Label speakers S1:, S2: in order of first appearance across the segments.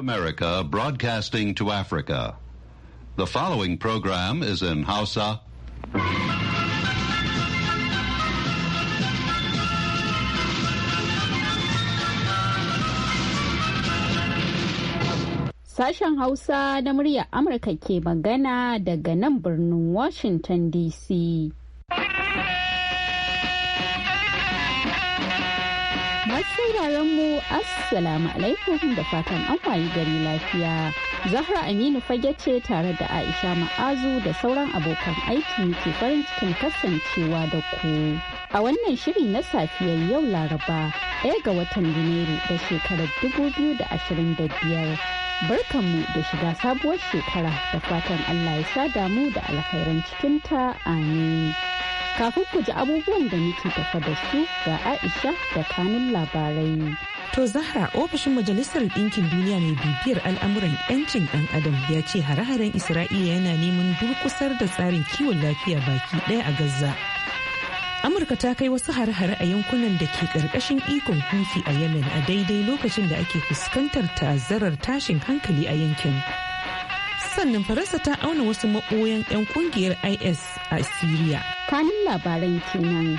S1: America broadcasting to Africa. The following program is in Hausa.
S2: Sashen Hausa na murya Amurka ke magana daga nan birnin Washington DC. sauraron mu assalamu alaikum da fatan an wayi gari lafiya zahra aminu fage ce tare da aisha ma'azu da sauran abokan aiki ke farin cikin kasancewa da ku a wannan shiri na safiyar yau laraba ɗaya ga watan janairu da shekarar 2025 barkanmu da shiga sabuwar shekara da fatan allah ya sa damu da alkhairan cikinta amin Kafin ku ji abubuwan da muke tafa da su
S3: ga Aisha da kanun labarai. To Zahra ofishin Majalisar Dinkin Duniya mai bibiyar al'amuran 'yancin ɗan adam ya ce hare-haren Isra'ila yana neman durkusar da tsarin kiwon lafiya baki ɗaya a Gaza. Amurka ta kai wasu hare-hare a yankunan da ke ƙarƙashin ikon Houthi a Yemen a daidai lokacin da ake fuskantar ta'azzarar tashin hankali a yankin. sannan faransa ta auna wasu maɓoyan 'yan kungiyar is a syria kanin labaran kenan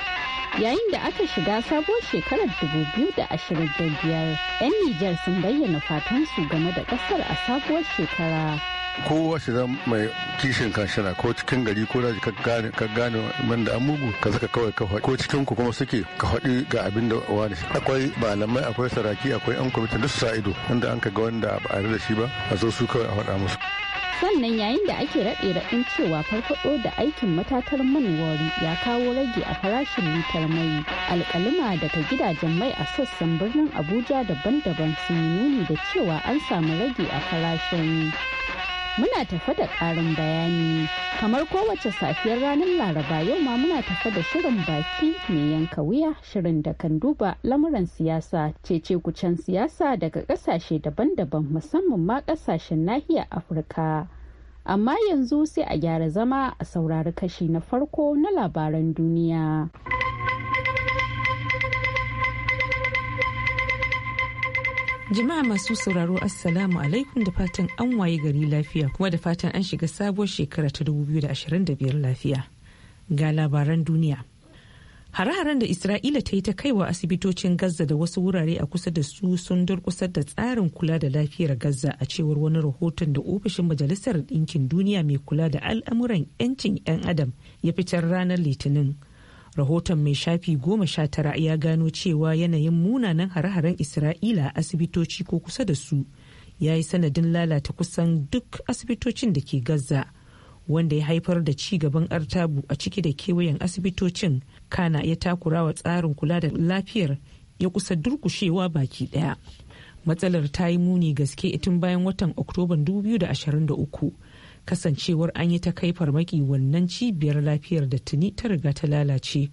S3: yayin da aka
S2: shiga sabuwar shekarar 2025 'yan nijar sun bayyana fatansu game da kasar a sabuwar shekara
S4: kowa shi zan mai kishin kanshina ko cikin gari ko daji ka gane man da an mugu ka saka kawai ka ko cikin ku kuma suke ka haɗi ga abin da wani akwai malamai akwai saraki akwai yan kwamitin duk sa ido wanda an ka ga wanda ba a da shi ba a zo su kawai a faɗa musu
S2: sannan yayin da ake raɗe raɗin cewa farfaɗo da aikin matatar man wari ya kawo rage a farashin litar mai alƙaluma daga gidajen mai a sassan birnin abuja daban-daban sun nuni da cewa an samu rage a farashin muna tafe da ƙarin bayani kamar kowace safiyar ranar laraba yau ma muna tafe da shirin baki mai yanka wuya shirin da kan duba lamuran siyasa cece kucen siyasa daga ƙasashe daban-daban musamman ma ƙasashen nahiyar afirka amma yanzu sai a gyara zama a saurari kashi na farko na labaran duniya.
S3: Jama'a masu sauraro Assalamu alaikum da fatan an waye gari lafiya kuma da fatan an shiga sabuwar shekara ta 2025 lafiya. Ga labaran duniya. Hare-haren da Isra'ila ta yi ta kaiwa asibitocin Gaza da wasu wurare a kusa da su sun durƙusar da tsarin kula da lafiyar Gaza a cewar wani rahoton da ofishin Majalisar Ɗinkin Duniya mai kula da al'amuran 'yancin 'yan Adam ya fitar ranar Litinin. rahoton mai shafi goma sha tara ya gano cewa yanayin munanan hare-haren isra'ila a asibitoci ko kusa da su ya yi sanadin lalata kusan duk asibitocin da ke gaza wanda ya haifar da ci gaban artabu a ciki da kewayen asibitocin kana ya takura wa tsarin kula da lafiyar ya kusa durkushewa baki daya matsalar ta yi muni gaske tun bayan watan oktoban 2023 kasancewar an yi ta kai farmaki wannan cibiyar lafiyar da tuni ta riga ta lalace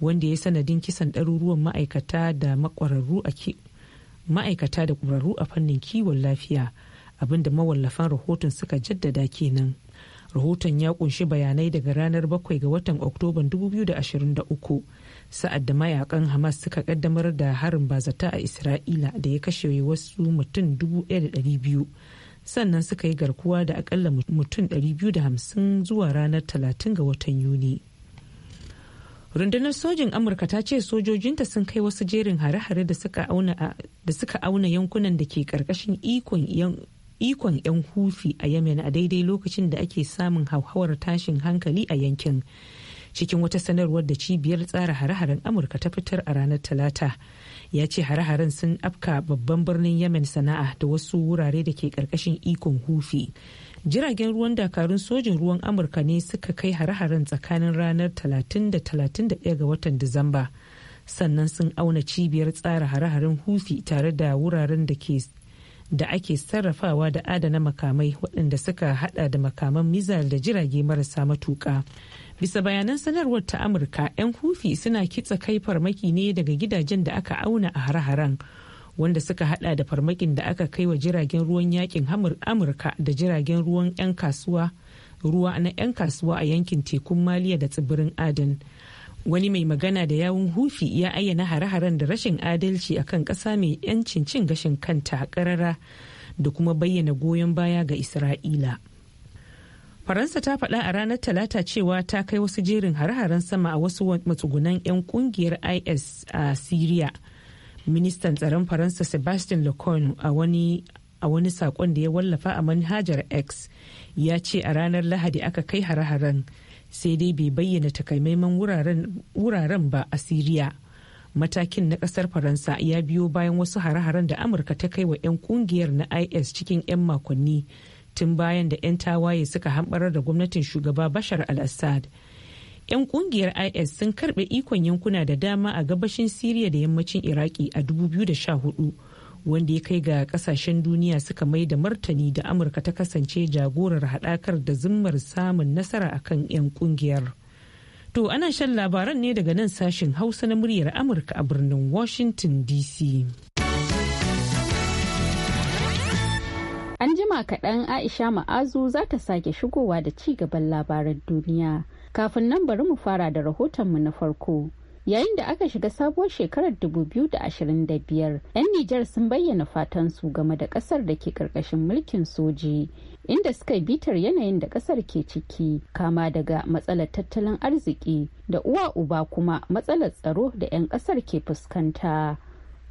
S3: wanda ya sanadin kisan ɗaruruwan ma'aikata da makwararru a ma'aikata da ƙwararru a fannin kiwon lafiya abinda mawallafan rahoton suka jaddada kenan rahoton ya kunshi bayanai daga ranar 7 ga watan oktoban 2023 sa'ad da mayakan hamas suka kaddamar da harin bazata a isra'ila da ya kashe wasu mutum 1200 sannan suka yi garkuwa da akalla mutum 250 zuwa ranar 30 ga watan yuni rundunar sojin amurka ta ce sojojinta sun kai wasu jerin hare-hare da suka auna yankunan da ke karkashin ikon 'yan hufi a yemen a daidai lokacin da ake samun hauhawar tashin hankali a yankin cikin wata sanarwar da cibiyar tsara hare-haren amurka ta fitar a ranar talata ya ce hare-haren sun afka babban birnin yemen sana'a da wasu wurare da ke karkashin ikon hufi jiragen ruwan dakarun sojin ruwan amurka ne suka kai hare-haren tsakanin ranar 30 da 31 ga watan disamba sannan sun auna cibiyar tsara hare-haren hufi tare da wuraren da ke da ake sarrafawa da adana makamai waɗanda suka hada da makaman mizal da jirage marasa matuƙa. bisa bayanan sanarwar ta amurka 'yan hufi suna kitsa kai farmaki ne daga gidajen da aka auna a hare-haren wanda suka hada da farmakin da aka kai wa jiragen ruwan yakin amurka da jiragen ruwan 'yan kasuwa ruwa na 'yan kasuwa a yankin tekun maliya da tsibirin adan wani mai magana da yawun hufi ya ayyana hare-haren da rashin adalci a kan kasa mai 'yancin cin gashin kanta karara da kuma bayyana goyon baya ga isra'ila. faransa ta faɗa a ranar talata cewa ta kai wasu jerin hare-haren sama a wasu matsugunan 'yan kungiyar is a syria ministan tsaron faransa sebastian lecorne a wani a wani sakon da ya wallafa a manhajar x ya ce a ranar lahadi aka kai hare-haren sai dai bai bayyana takamaiman wuraren ba a syria matakin na kasar faransa ya biyo bayan wasu hare-haren da amurka ta kai wa 'yan kungiyar na is cikin 'yan makonni tun bayan da 'yan tawaye suka hamɓarar da gwamnatin shugaba bashar al-assad 'yan kungiyar is sun karbe ikon yankuna da dama a gabashin siriya da yammacin iraki a 2014 wanda ya kai ga kasashen duniya suka mai da martani da amurka ta kasance jagorar haɗakar da zimmar samun nasara akan 'yan kungiyar to ana shan labaran ne daga nan sashen hausa na muryar amurka a birnin washington dc
S2: An jima kaɗan Aisha Ma'azu za ta sake shigowa da ci gaban labaran duniya. Kafin nan bari mu fara da rahotonmu na farko. Yayin da aka shiga sabuwar shekarar dubu biyu da da ashirin biyar. 'yan Nijar sun bayyana fatan su game da ƙasar da ke ƙarƙashin mulkin soji, inda suka bitar yanayin da ƙasar ke ciki, kama daga matsalar tattalin arziki da uwa uba kuma matsalar tsaro da 'yan ƙasar ke fuskanta.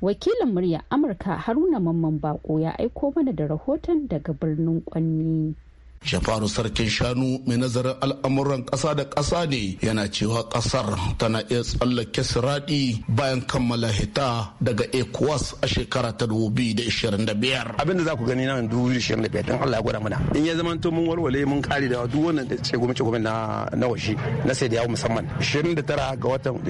S2: wakilin murya amurka haruna mamman bako ya aiko mana da rahoton daga birnin kwanni
S5: Jafaru sarkin shanu mai nazarin al'amuran ƙasa da ƙasa ne yana cewa ƙasar tana iya tsallake siradi bayan kammala hita daga ECOWAS a shekara ta 2025. Abin da za ku gani
S6: na 2025 don Allah ya gwada mana. In ya zama to mun walwale mun kare da duk wannan da ce gwamnati na na washi na sai da yawo musamman. 29 ga watan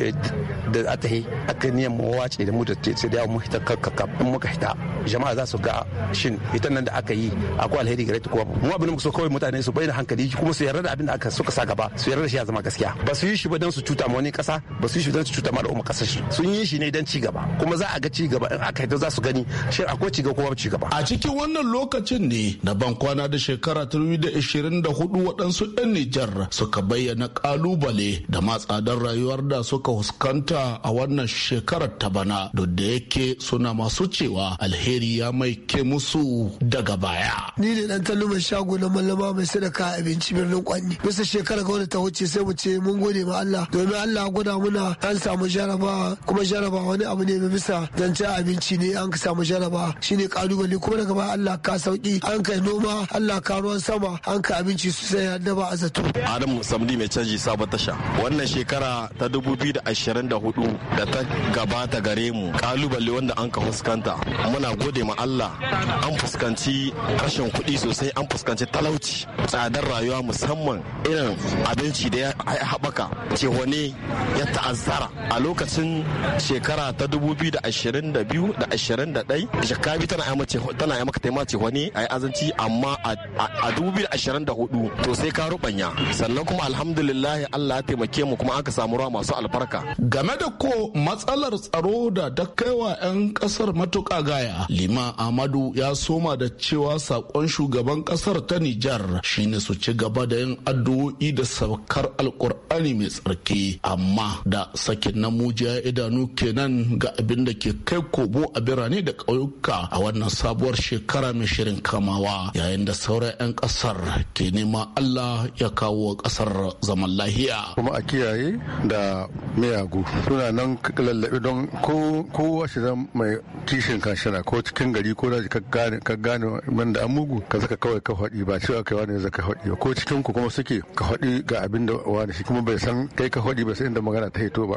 S6: da aka yi aka niyan mu wace da mu da sai da yawo mu hita kakkaka in muka hita jama'a za su ga shin hitan nan da aka yi akwai alheri gare ta kowa mu abin da muka so kawai mutane su da hankali kuma su yarda da abin da aka suka sa gaba su yarda da shi ya zama gaskiya ba su yi shi ba don su cuta ma wani kasa ba su yi shi don su cuta ma al'umma kasar shi sun yi shi ne don ci gaba kuma za a ga ci gaba in aka yadda za su gani shi akwai ci gaba ko ci gaba a cikin wannan
S5: lokacin ne na ban kwana da shekara ta hudu waɗansu 'yan Nijar suka bayyana kalubale da ma rayuwar da suka huskanta a wannan shekarar ta bana duk da yake suna masu cewa alheri ya mai ke musu daga baya ni ne dan talluma shago na mallama mai sadaka abinci birnin kwanni bisa shekara ga wani ta wuce sai mu ce mun gode ma Allah domin Allah gwada muna an samu jaraba kuma jaraba wani abu ne bisa zance abinci ne an ka samu jaraba shine kalubale kuma daga baya Allah ka sauki an kai noma Allah ka ruwan sama an ka abinci sosai ya ba a zato Adam Samdi mai canji sabon tasha wannan shekara ta 2024 da ta gabata gare mu kalubale wanda an ka fuskanta muna gode ma Allah an fuskanci rashin kuɗi sosai an fuskanci talauci talauci tsadar rayuwa musamman irin abinci da ya haɓaka cewa ya ta'azzara a lokacin shekara ta 2022 da 21 jakabi tana yi maka taima cewa a yi azanci amma a 2024 to sai ka rubanya sannan kuma alhamdulillah allah ya taimake mu kuma aka samu ruwa masu albarka game da ko matsalar tsaro da ta kaiwa 'yan kasar matuka gaya lima amadu ya soma da cewa saƙon shugaban kasar ta nijar shi shine su ci gaba da yin addu'o'i da saukar alkur'ani mai tsarki amma da sakin na idanu kenan ga abin da ke kai kobo a birane da ƙauyuka a wannan sabuwar shekara mai shirin kamawa yayin da sauran 'yan ƙasar ke nema Allah ya kawo ƙasar zaman lahiya.
S4: Kuma a kiyaye da miyagu suna nan lallaɓe don kowa shi zan mai tishin kanshina ko cikin gari ko da ka gane wanda an mugu ka saka kawai ka faɗi ba shi cewa kai wani zaka haɗi ko cikin ku kuma suke ka haɗi ga abin da wani shi kuma bai san kai ka haɗi ba sai inda magana ta hito ba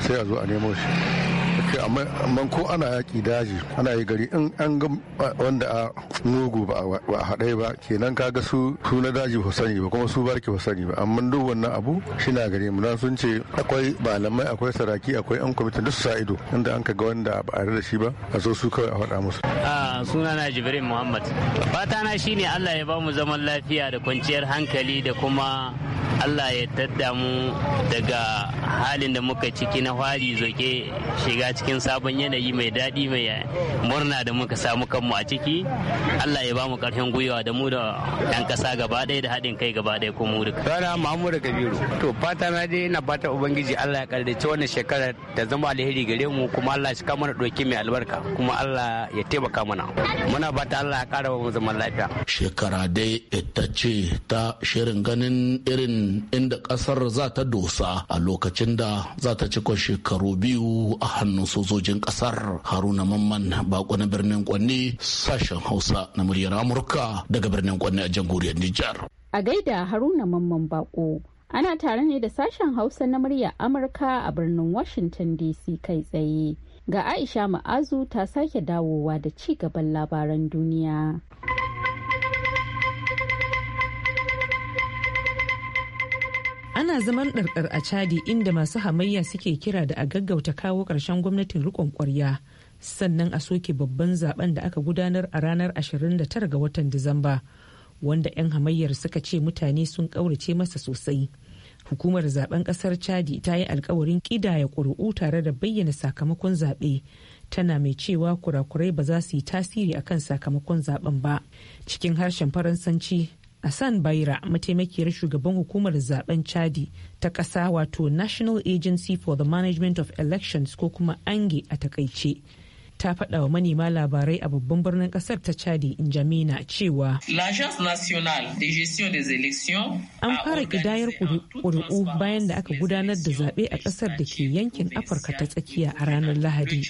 S4: sai a zo a nemo shi amma ko ana yaƙi daji ana yi gari in an ga wanda a mugu ba a haɗai ba kenan ka su su na daji ba sani ba kuma su barki ba sani ba amma duk wannan abu shi na gari mu sun ce akwai malamai akwai saraki akwai an kwamitin duk su sa ido inda an ka ga wanda ba a da shi ba a zo su kawai a haɗa musu.
S7: Ah, suna na jibrin muhammad fata na shine allah ya bamu zaman lafiya da kwanciyar hankali da kuma allah ya tadda mu daga halin da muka ciki na hwari zoke shiga cikin sabon yanayi mai daɗi mai murna da muka samu kanmu a ciki allah ya ba mu ƙarfin gwiwa da mu da 'yan ƙasa gaba ɗaya da haɗin kai gaba ɗaya ko mu duka. Sana mahamudu Kabiru. To fata na dai na fata Ubangiji Allah ya ƙarface wannan shekara ta zama alheri gare mu kuma Allah shi kama ɗauki mai albarka kuma Allah ya taimaka mana. Muna fata Allah
S5: ya ƙara mu zaman lafiya. Shekara dai ita ce ta shirin ganin irin inda ƙasar za ta dosa a lokacin lokacin da za ta cika shekaru biyu a hannun sojojin kasar haruna mamman bako na birnin kwanne sashen hausa na muryar amurka daga birnin kwanne a jamhuriyar nijar
S2: a gaida haruna mamman bako ana tare ne da sashen hausa na muryar amurka a birnin washington dc kai tsaye ga aisha ma'azu ta sake dawowa da ci gaban labaran duniya
S3: ana zaman ɗarɗar a chadi inda masu hamayya suke kira da a gaggauta kawo ƙarshen gwamnatin riƙon ƙwarya sannan a soke babban zaben da aka gudanar a ranar 29 ga watan disamba wanda 'yan hamayyar suka ce mutane sun ƙaurace masa sosai hukumar zaben ƙasar chadi ta yi alkawarin ƙidaya ƙuri'u tare da bayyana sakamakon zaɓe tana mai cewa kurakurai ba za su yi tasiri akan sakamakon zaben ba cikin harshen faransanci Hassan Baira mataimakiyar shugaban hukumar zaben Chadi ta ƙasa wato National Agency for the Management of Elections ko kuma ANGE a takaice ta faɗa wa manema labarai a babban birnin ƙasar ta Chadi Njamina cewa an fara ƙidayar ƙuri'u bayan da aka gudanar da zaɓe a ƙasar da ke yankin Afirka ta tsakiya a ranar Lahadi.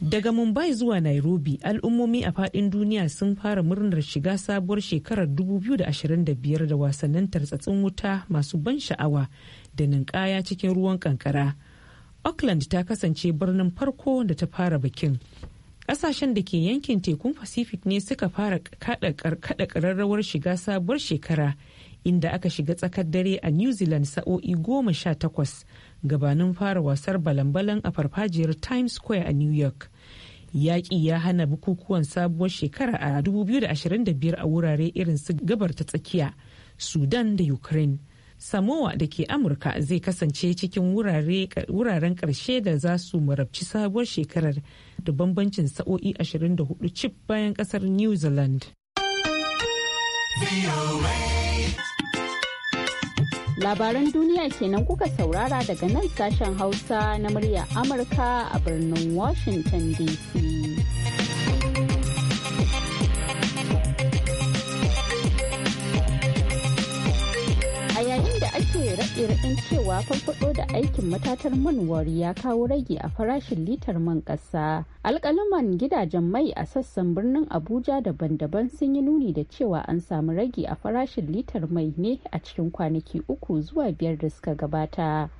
S3: Daga Mumbai zuwa Nairobi, al'ummomi a faɗin duniya sun fara murnar shiga sabuwar shekarar 2025 da wasannin tartsatsin wuta masu ban sha'awa da ninkaya cikin ruwan kankara. auckland ta kasance birnin farko da ta fara bikin kasashen da ke yankin tekun pacific ne suka fara kada kararrawar shiga sabuwar shekara inda aka shiga tsakar dare a new zealand sa'o'i goma sha takwas gabanin fara wasar balan a farfajiyar times square a new york yaƙi ya hana bukukuwan sabuwar shekara a 2025 a wurare irin su gabar ta tsakiya sudan da ukraine samoa da ke amurka zai kasance cikin wuraren karshe da za su marabci sabuwar shekarar da bambancin sa'o'i 24 cif bayan kasar new zealand
S2: labaran duniya kenan kuka saurara daga nan sashen hausa na murya amurka a birnin washington dc ire kere ɗin cewa farfaɗo da aikin matatar man wari ya kawo rage a farashin litar man ƙasa. Alƙaluman gidajen mai a sassan birnin Abuja daban-daban sun yi nuni da cewa an samu rage a farashin litar mai ne a cikin kwanaki uku zuwa biyar da suka gabata.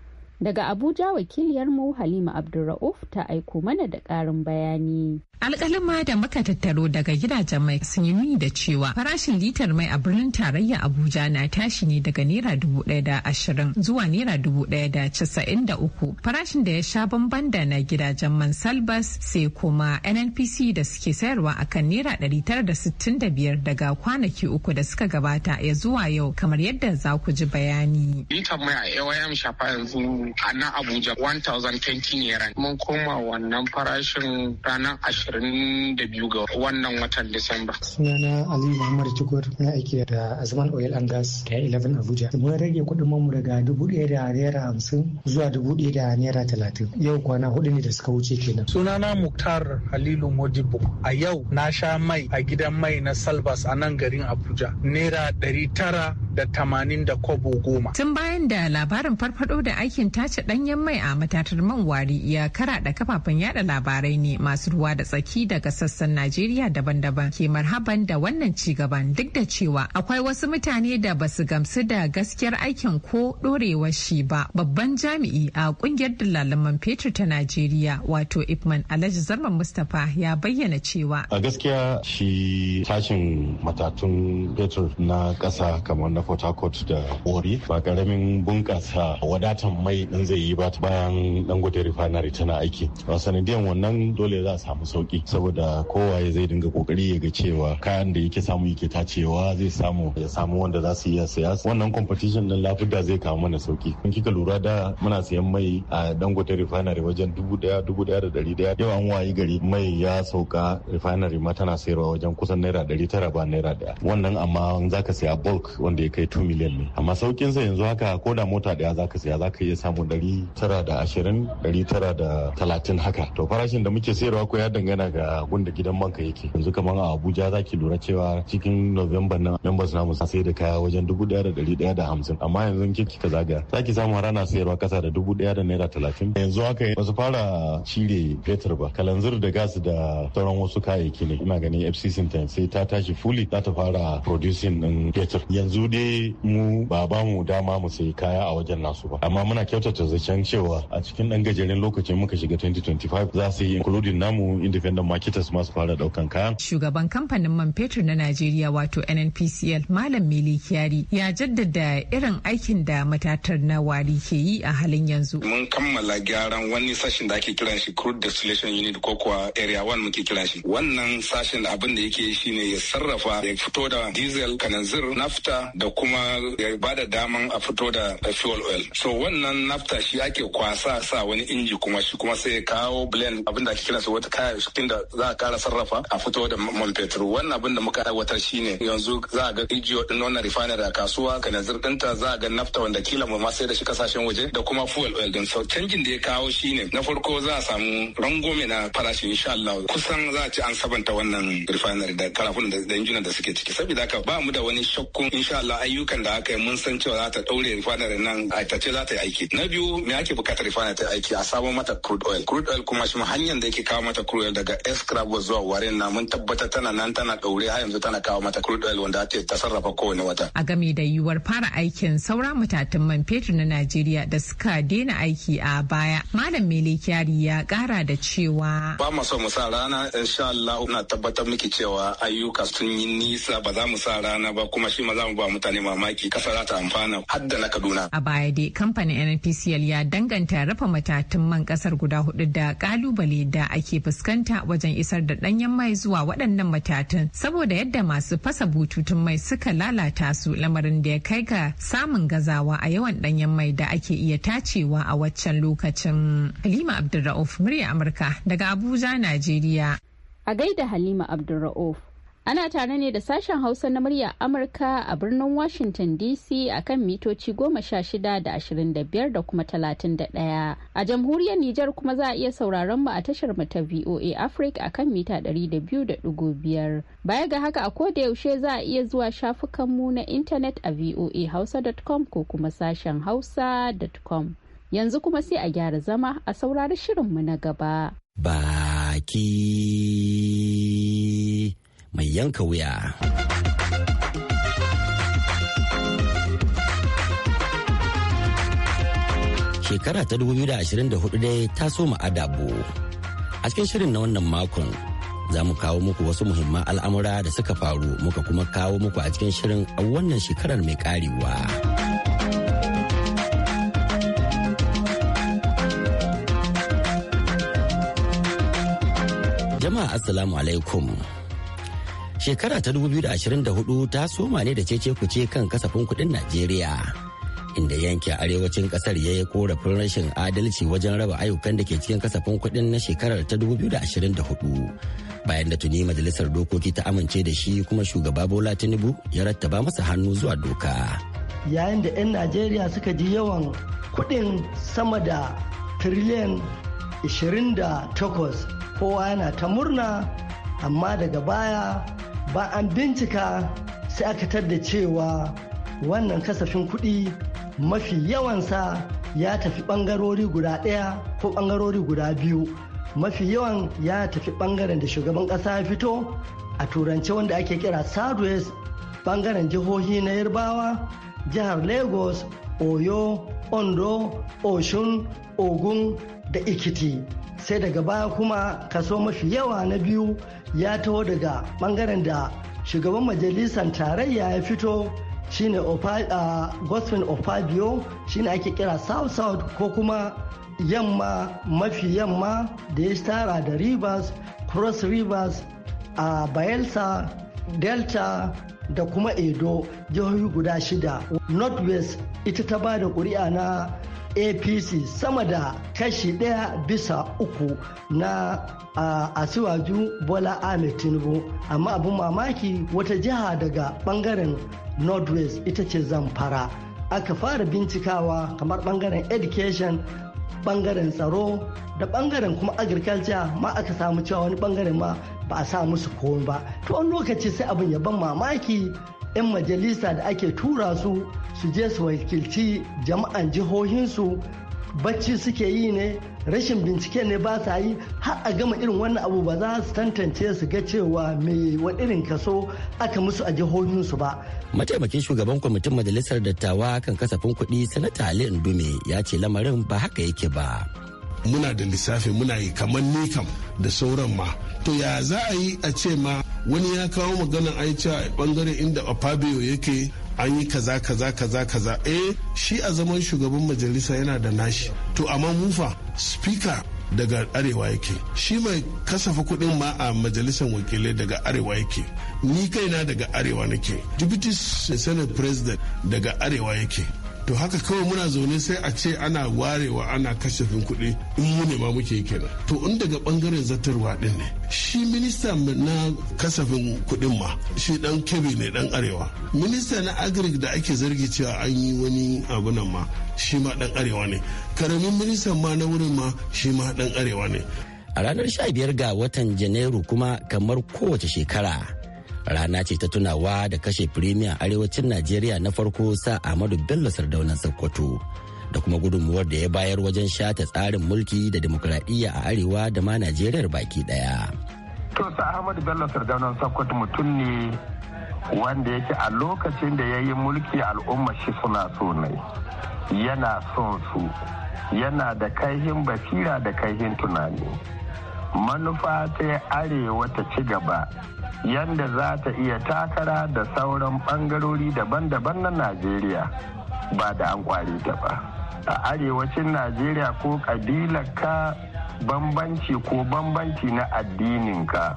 S2: Daga Abuja wakiliyarmu Halima Abdulra'uf ta aiko mana da ƙarin bayani.
S8: Alƙalima da muka tattaro daga gidajen mai sun yi nuni da cewa farashin litar mai a birnin tarayya Abuja na tashi ne daga naira dubu ɗaya da ashirin zuwa naira dubu ɗaya da casa'in da uku. Farashin da ya sha bamban da na gidajen man Salbas sai kuma NNPC da suke sayarwa akan naira ɗari tara da sittin da biyar daga kwanaki uku da suka gabata ya zuwa yau kamar yadda za ku ji bayani.
S6: Litar mai a AYM shafa yanzu a nan Abuja 1020 naira. Mun koma wannan farashin ranar 22 ga wannan watan Disamba.
S9: Sunana Ali Muhammad Tukur na aiki da Azman Oil and Gas da 11 Abuja. Mun rage kuɗin mu daga dubu ɗaya da naira hamsin zuwa dubu ɗaya da naira talatin. Yau kwana hudu ne da suka wuce kenan.
S6: Sunana Muktar Halilu Modibo. A yau na sha mai
S5: a gidan mai na Salvas a nan garin Abuja. Naira ɗari tara da tamanin da kobo goma.
S8: Tun bayan da labarin farfado da aikin ta tace danyen mai a matatar man wari ya da kafafen yada labarai ne masu ruwa da tsaki daga sassan Najeriya daban-daban ke marhaban da wannan ci gaban duk da cewa akwai wasu mutane da ba su gamsu da gaskiyar aikin ko dorewar shi ba. Babban jami'i a kungiyar dalalan fetur ta Najeriya wato ifman Alhaji Zarman Mustapha ya bayyana cewa.
S1: A gaskiya shi tashin matatun fetur na kasa kamar na Port Harcourt da Bori ba karamin bunƙasa wadatar mai din zai yi ba bayan dangote refinery tana aiki a sanadiyan wannan dole za a samu sauki saboda kowaye zai dinga kokari ya ga cewa kayan da yake samu yake tacewa zai samu ya samu wanda za su iya saya wannan competition din lafuda zai kawo mana sauki in kika lura da muna sayan mai a dangote refinery wajen dubu daya dubu daya da dari daya yau an wayi gari mai ya sauka refinery ma tana sayarwa wajen kusan naira dari tara ba naira daya wannan amma za ka saya bulk wanda ya kai 2 miliyan ne amma saukin sa yanzu haka ko da mota daya za ka saya za iya samu abu dari tara da ashirin dari tara da talatin haka to farashin da muke sayarwa ko ya dangana ga gunda gidan banka yake yanzu kamar a abuja za ki lura cewa cikin november nan members na musa sai da kaya wajen dubu daya da dari daya da hamsin amma yanzu kin kika zaga za ki samu rana sayarwa kasa da dubu daya da naira talatin yanzu haka ba su fara cire fetur ba kalanzir da gas da sauran wasu kayayyaki ne ina ganin fcc ta sai ta tashi fuli za ta fara producing din fetur yanzu dai mu ba ba mu dama mu sayi kaya a wajen nasu ba amma muna kyau kyautata can cewa a cikin dan gajeren lokacin muka shiga 2025 za su yi including namu independent marketers masu fara daukan kayan.
S8: Shugaban kamfanin man fetur na Najeriya wato NNPCL Malam Mele Kyari ya jaddada irin aikin da matatar na wari ke yi a halin yanzu.
S6: Mun kammala gyaran wani sashen da ake kiran shi crude distillation unit ko kuwa area one muke kiran shi. Wannan sashen abin da yake shine ya sarrafa ya fito da diesel kananzir nafta da kuma ya bada daman a fito da fuel oil. So wannan nafta shi ake kwasa sa wani inji kuma shi kuma sai kawo blend abin da ake kiransa wata kaya cikin da za a kara sarrafa a fito da man fetur wannan abin da muka aiwatar ne yanzu za a ga rijiyo din wannan refinery a kasuwa kana dinta za a ga nafta wanda kila mu ma sai da shi kasashen waje da kuma fuel oil din so canjin da ya kawo shine na farko za a samu rangome na farashi insha Allah kusan za a ci an sabanta wannan refinery da karafun da injina da suke ciki saboda haka ba mu da wani shakkun insha Allah ayyukan da aka yi mun san cewa za ta daure refinery nan a tace za ta yi aiki na biyu me ake bukatar refinery ta aiki a sabon mata crude oil crude oil kuma shi hanyar da yake kawo mata crude oil daga escrabo zuwa warin na mun tabbatar tana nan tana daure har yanzu tana kawo mata crude oil wanda ake ta sarrafa kowane wata
S8: a game da yiwuwar fara aikin saura matatan man fetur na Najeriya da suka daina aiki a baya malam Mele Kyari ya kara da cewa
S6: ba mu so mu sa rana insha Allah na tabbatar miki cewa ayyuka sun yi nisa ba za mu sa rana ba kuma shi ma za mu ba mutane mamaki kasa za ta amfana
S8: har da na Kaduna a baya dai kamfanin NNP ofisiyal ya danganta rafa matatun man kasar guda hudu da kalubale da ake fuskanta wajen isar da danyen mai zuwa waɗannan matatun saboda yadda masu fasa bututun mai suka lalata su lamarin da ya kai ga samun gazawa a yawan danyen mai da ake iya tacewa a waccan lokacin. Halima Abdulra'uf murya Amurka daga Abuja, Najeriya. A gaida Halima Abdulra'uf.
S2: Ana tare ne da sashen Hausa na murya Amurka a birnin Washington DC a kan mitoci goma sha shida da ashirin da da kuma talatin da ɗaya. A jamhuriyar Nijar kuma za a iya sauraron mu a tashar mu ta VOA Africa a kan mita ɗari da biyu da biyar. Baya ga haka a da yaushe za a iya zuwa shafukan mu na intanet a voahausa.com ko kuma sashen hausa.com. Yanzu kuma sai a gyara zama a saurari shirinmu na gaba.
S7: Baki. yanka wuya. Shekara ta hudu dai ta soma adabu. A cikin shirin na wannan makon za mu kawo muku wasu muhimman al'amura da suka faru muka kuma kawo muku a cikin shirin a wannan shekarar mai karewa. Jama'a Assalamu alaikum. shekara ta 2024 ta soma ne da cece kuce kan kasafin kudin najeriya inda yankin arewacin kasar ya yi korafin rashin adalci wajen raba ayyukan da ke cikin kasafin kudin na shekarar ta 2024 bayan da tuni majalisar dokoki ta amince da shi kuma shugaba bola tinubu ya rattaba masa hannu zuwa doka
S9: yayin da 'yan najeriya suka ji yawan kudin sama da tiriliyan 28 kowa yana ta murna amma daga baya ba an bincika sai aka tarda cewa wannan kasafin kuɗi mafi yawansa ya tafi ɓangarori guda ɗaya ko ɓangarori guda biyu mafi yawan ya tafi ɓangaren da shugaban ƙasa ya fito a turance wanda ake kira southwest ɓangaren jihohi na yarbawa jihar lagos oyo ondo oshun ogun da ikiti sai daga baya kuma kaso mafi yawa na biyu ya taho daga bangaren da shugaban majalisar tarayya ya fito shine gosfin ofabio shine ake kira south south ko kuma yamma mafi yamma da ya tara da rivers cross rivers a bayelsa delta da kuma edo jihohi guda shida northwest ita ta ba da kuri'a na apc sama da kashi ɗaya bisa uku na asiwaju bola ahmed tinubu amma abin mamaki wata jiha daga bangaren northwest ita ce zamfara aka fara bincikawa kamar bangaren education bangaren tsaro da bangaren kuma agriculture ma aka samu cewa wani bangaren ma ba a sa musu komai ba to wani lokaci sai abin ya ban mamaki 'yan majalisa da ake tura su su je su wakilci jama'an jihohinsu bacci suke yi ne rashin bincike ne ba sa yi har a gama irin wannan abu ba za su tantance su ga cewa mai wa irin kaso aka musu a jihohinsu ba.
S7: Mataimakin shugaban kwamitin majalisar dattawa kan kasafin kuɗi sanata Ali Ndume ya ce lamarin ba haka yake ba. Muna da lissafi
S5: muna yi kamar ni kam da sauran ma. To ya za a yi a ce ma wani ya kawo maganar yi a bangare inda fabio yake an yi kaza kaza kaza kaza eh shi a zaman shugaban majalisa yana da nashi to amma mufa speaker daga arewa yake shi mai kasafa kuɗin ma a majalisar wakilai daga arewa yake ni kaina daga arewa nake deputy senate president daga arewa yake to haka kawai muna zaune sai a ce ana warewa ana kasafin kuɗi in mu ne ma muke kenan to in daga bangaren zartarwa din ne shi minista na kasafin kuɗin ma shi dan kebe ne dan arewa minista na agric da ake zargi cewa an yi wani abu nan ma shi ma dan arewa ne karamin minista ma na wurin ma shi ma dan arewa ne a ranar 15 ga watan janairu kuma kamar kowace shekara
S7: rana ce ta tunawa da kashe firimiya arewacin najeriya na farko sa ahmadu bello sardaunan sokoto da kuma gudunmuwar da ya bayar wajen shata tsarin mulki da demokuraɗiyya a arewa da ma najeriyar baki ɗaya.
S6: to ahmadu bello sardaunan sokoto mutum
S4: ne wanda yake a lokacin da ya yi mulki al'umma shi suna so yana son su yana da kaihin basira da kaihin tunani manufa ta arewa ta ci gaba yadda za ta iya takara da sauran bangarori daban-daban na najeriya ba da an kwari ta ba a arewacin najeriya ko ka bambanci ko bambanci na addininka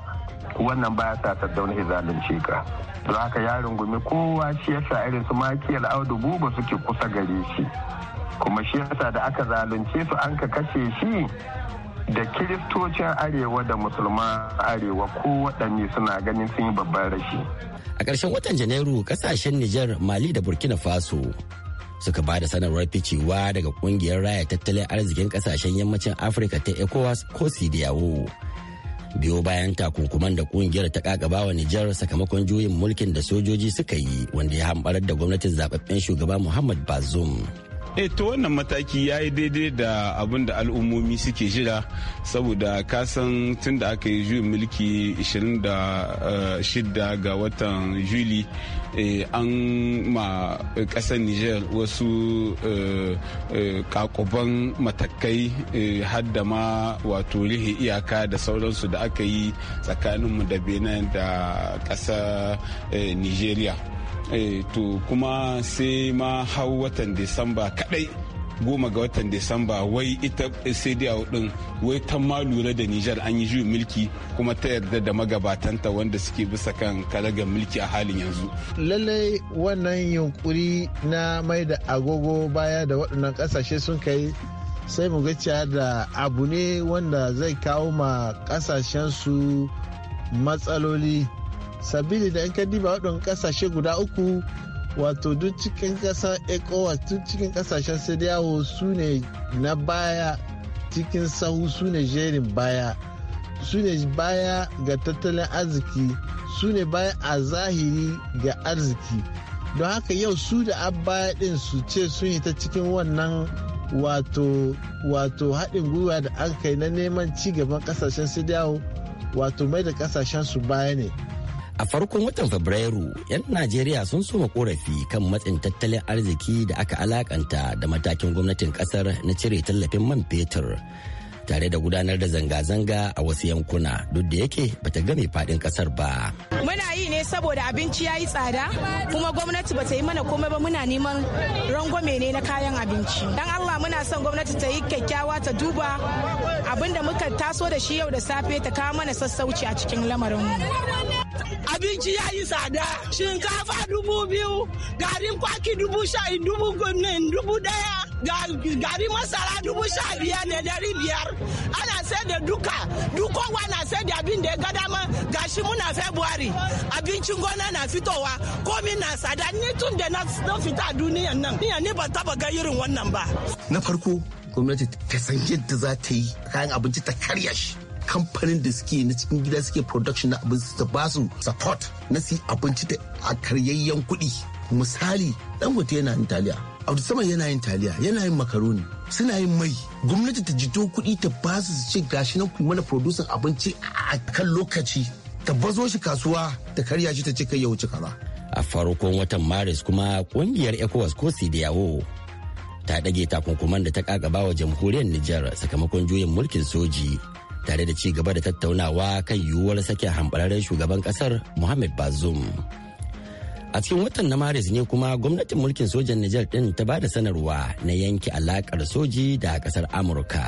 S4: wannan baya sa tattauna zalunce ka Do haka yaron gumi kowa shi ya sa irin su makiyar audugu ba suke kusa gare shi kuma shi ya sa da aka zalunce su an ka kashe shi da kiristocin arewa da musulman arewa ko waɗanne suna ganin sun yi babban
S7: rashi a ƙarshen watan janairu ƙasashen nijar mali da burkina faso suka ba da sanarwar ficewa daga ƙungiyar raya tattalin arzikin ƙasashen yammacin afirka ta ecowas ko sidiyawo biyo bayan takunkuman da ƙungiyar ta kakaba wa nijar sakamakon juyin mulkin da sojoji suka yi wanda ya hambarar da gwamnatin zaɓaɓɓen shugaba muhammad
S6: bazoum eh to wannan mataki ya yi daidai da abin da al'ummomi suke jira saboda kasan tun da aka yi juyin mulki 26 eh, ga watan juli eh, an ma kasar niger wasu kakuban eh, matakai hadda ma wato rihe iyaka da sauransu da aka yi tsakaninmu da benin da kasar nigeria Eh, to kuma sai ma hau watan disamba kadai goma ga watan Disamba wai ita CDAO din wai ta ma lura da Nijar an yi juyin mulki kuma ta yarda da magabatanta wanda suke bisa kan kalagar mulki a halin yanzu.
S5: Lallai wannan yunkuri na mai da agogo baya da waɗannan ƙasashe sun kai sai mu cewa da abu ne wanda zai kawo ma su matsaloli sabili da 'yan kadiba waɗin ƙasashe guda uku wato duk cikin ƙasar ecowas duk cikin ƙasashen sadiyawo su ne na baya cikin sahu su ne jerin baya su ne baya ga tattalin arziki su ne baya a zahiri ga arziki don haka yau su da abaya ɗin su ce sun yi ta cikin wannan wato wato haɗin gwiwa da an kai na neman ci gaban ƙasashen su dawo wato mai da ƙasashen su baya ne A
S7: farkon watan Fabrairu, 'yan Najeriya sun soma korafi kan matsin tattalin arziki da aka alakanta da matakin gwamnatin kasar na cire tallafin man fetur. tare da gudanar da zanga-zanga a wasu yankuna duk da yake bata game fadin kasar ba.
S8: Muna yi
S3: ne saboda abinci ya yi tsada kuma gwamnati ba ta yi mana komai ba muna neman rangwame ne na kayan abinci. Dan Allah muna son gwamnati ta yi kyakkyawa ta duba abin da muka taso da shi yau da safe ta kawo mana sassauci a cikin lamarin mu. abinci
S7: ya yi tsada shinkafa dubu biyu garin kwaki dubu sha dubu dubu daya garin masara dubu sha biyar da dari biyar ana sai da duka dukowa na sai da abin da ya ga dama gashi muna february abincin gona na fitowa komi na tsada ni tun da na fita duniyan nan ni ba
S5: taba ga
S9: irin wannan
S5: ba na farko gwamnati ta san yadda za ta yi kayan abinci ta karya shi kamfanin da suke na cikin gida suke production na abin su ba su support na si abinci da a karyayyen kuɗi misali dangote yana yin taliya abu sama yana yin taliya yana yin makaroni suna yin mai gwamnati ta jito kuɗi ta ba su ce gashi nan kuma mana producing abinci a kan lokaci ta bazo shi kasuwa ta karya shi ta ce kai ya wuce kaza
S7: a farkon watan maris kuma kungiyar ecowas ko cdao ta ɗage takunkuman da ta kagaba wa jamhuriyar Nijar sakamakon juyin mulkin soji tare da ci gaba da tattaunawa kan yiwuwar sake hambararren shugaban kasar Muhammad Bazoum. A cikin watan na Maris ne kuma gwamnatin mulkin sojan Nijar ɗin ta ba da sanarwa na yanke alakar soji da kasar Amurka.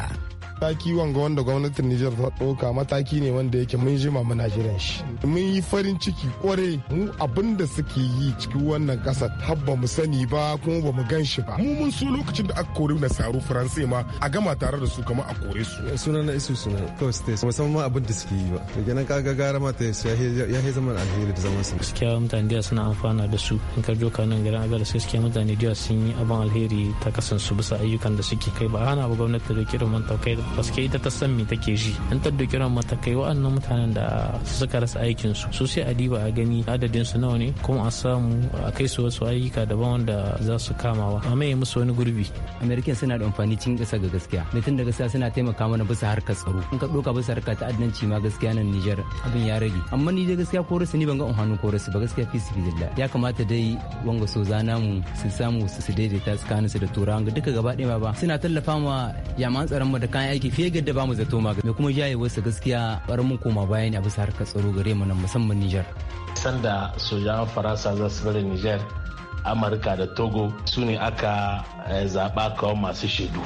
S6: Taki wanga wanda gwamnatin Nijar ta ɗauka mataki ne wanda yake mun jima muna jiran shi. Mun yi farin ciki
S5: kware mu abin da suke yi cikin wannan ƙasar har ba mu sani ba kuma ba mu gan shi ba. Mu mun so lokacin da aka kore na saro Faransai ma a gama tare da su kamar a kore su. Sunan na isu
S4: sunan kawai su musamman abin da suke yi ba. Da kenan kaga gara mata ya yi zaman alheri da zaman
S5: su. Gaskiya mutane da suna amfana da su. In ka joka nan garin Agadas gaskiya mutane da sun yi abin alheri ta kasansu bisa ayyukan da suke kai ba ana ba gwamnati da kirin man kai da paske ita ta san me take ji an ta kiran ran matakai wa'annan mutanen da suka rasa aikin su su sai a diba a gani adadin su nawa ne kuma a samu a kai su wasu ayyuka daban wanda za su wa a mai
S7: musu wani gurbi american suna da amfani cikin kasa ga gaskiya da tun da gaskiya suna taimaka mana bisa harkar tsaro in ka doka bisa harkar ta'addanci ma gaskiya nan Niger abin ya rage amma ni dai gaskiya ko rasu ni ban ga hannu ko ba gaskiya fi sabilillah ya kamata dai wanga so zana mu su samu su daidaita tsakanin su da turawa ga duka gaba ɗaya ba suna tallafa ma yaman tsaron mu da kayan aiki fiye da ba mu zato ma da kuma wasu gaskiya bar mun koma bayan a bisa harkar tsaro gare mu nan musamman Niger.
S5: Sanda sojan Faransa za su bari Niger, Amurka da Togo su ne aka eh, zaɓa kawo masu shaidu.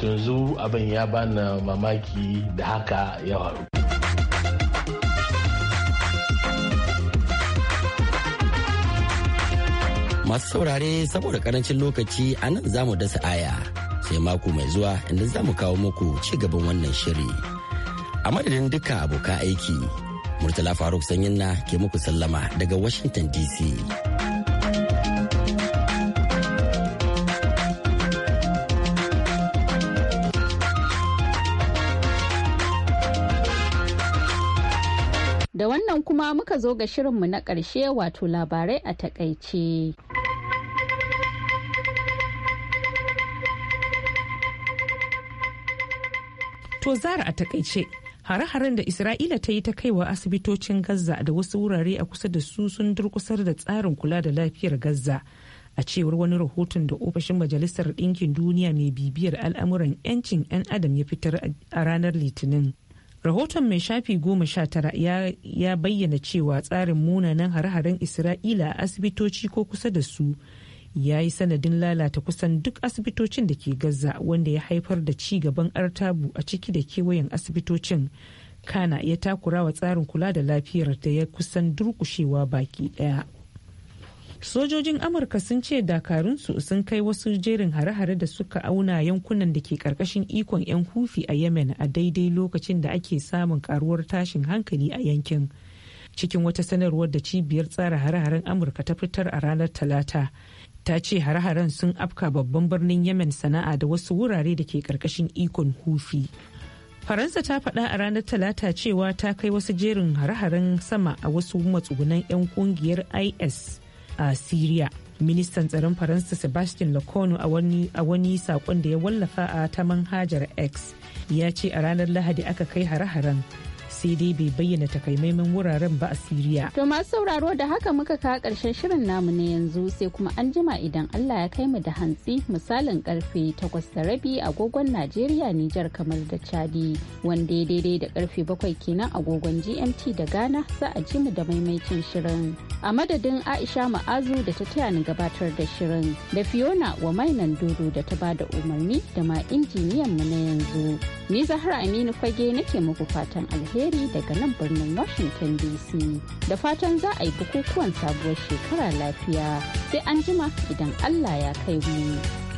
S5: Yanzu abin ya bani mamaki da haka ya faru.
S7: Masu saurare saboda karancin lokaci anan zamu dasa aya. sai mako mai zuwa inda za mu kawo muku ci gaban wannan shiri a madadin duka abokan aiki murtala faruk sanyin na ke muku sallama daga washington dc
S2: da wannan kuma muka zo ga shirinmu na ƙarshe wato labarai a takaice.
S3: To zara a takaice hare-haren da Isra'ila ta yi ta kaiwa asibitocin Gaza da wasu wurare a kusa da su sun durkusar da tsarin kula da lafiyar Gaza. A cewar wani rahoton da ofishin Majalisar Ɗinkin Duniya mai bibiyar al'amuran 'yancin 'yan adam ya fitar a ranar Litinin. Rahoton mai shafi goma sha tara ya bayyana cewa tsarin munanan hare-haren Isra'ila a asibitoci ko kusa da su ya yi sanadin lalata kusan duk asibitocin da ke gaza wanda ya haifar da ci gaban artabu a ciki da kewayen asibitocin kana ya takura wa tsarin kula da lafiyar da ya kusan durkushewa baki daya sojojin amurka sun ce dakarunsu sun kai wasu jerin hare-hare da suka auna yankunan da ke karkashin ikon 'yan hufi a yemen a daidai lokacin da ake samun karuwar tashin hankali a yankin cikin wata sanarwar da cibiyar tsara hare-haren amurka ta fitar a ranar talata ta ce hare-haren sun afka babban birnin yemen sana'a da wasu wurare da ke karkashin ikon hufi faransa ta faɗa a ranar talata cewa ta kai wasu jerin hare-haren sama a wasu matsugunan 'yan kungiyar is a syria ministan tsaron faransa sebastian lacono a wani saƙon da ya wallafa a ta manhajar x ya ce a ranar lahadi aka kai hare-haren sai dai bai bayyana takaimaimin wuraren ba a siriya to
S2: masu sauraro da haka muka kawo karshen shirin namu na yanzu sai kuma an jima idan allah ya kai mu da hantsi misalin karfe takwas da rabi agogon najeriya nijar kamar da chadi wanda ya daidai da karfe bakwai kenan agogon gmt da ghana za a ji mu da maimaicin shirin a madadin aisha ma'azu da ta taya ni gabatar da shirin da fiona wa mainan dodo da ta bada umarni da ma injiniyan mu na yanzu ni zahra aminu fage nake muku fatan alheri alheri daga nan birnin Washington DC. Da fatan za a yi bukukuwan sabuwar shekara lafiya sai an jima idan Allah ya kai mu.